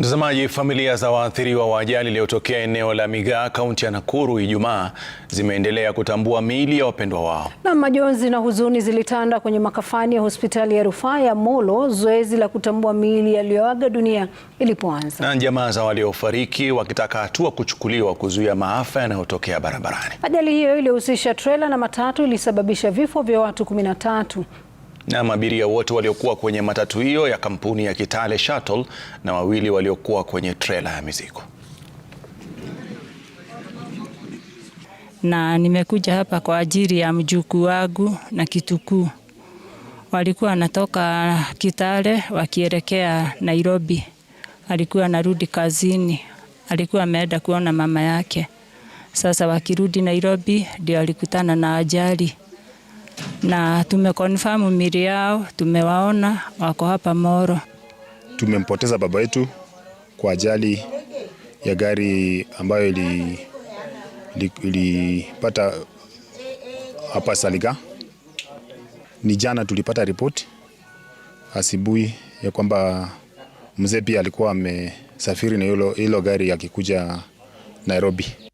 Mtazamaji, familia za waathiriwa wa ajali iliyotokea eneo la Migaa, kaunti ya Nakuru Ijumaa zimeendelea kutambua miili ya wapendwa wao. Na majonzi na huzuni zilitanda kwenye makafani ya hospitali ya rufaa ya Molo, zoezi la kutambua miili yaliyoaga dunia ilipoanza, na jamaa za waliofariki wakitaka hatua kuchukuliwa kuzuia maafa yanayotokea barabarani. Ajali hiyo iliyohusisha trela na matatu ilisababisha vifo vya watu 13 na abiria wote waliokuwa kwenye matatu hiyo ya kampuni ya Kitale Shuttle na wawili waliokuwa kwenye trela ya mizigo. Na nimekuja hapa kwa ajili ya mjukuu wangu na kitukuu, walikuwa wanatoka Kitale wakielekea Nairobi. Alikuwa anarudi kazini, alikuwa ameenda kuona mama yake. Sasa wakirudi Nairobi ndio alikutana na ajali na tumekonfamu miri yao, tumewaona wako hapa Moro. Tumempoteza baba yetu kwa ajali ya gari ambayo ilipata ili, hapa Saliga. Ni jana tulipata ripoti asubuhi ya kwamba mzee pia alikuwa amesafiri na hilo gari akikuja Nairobi.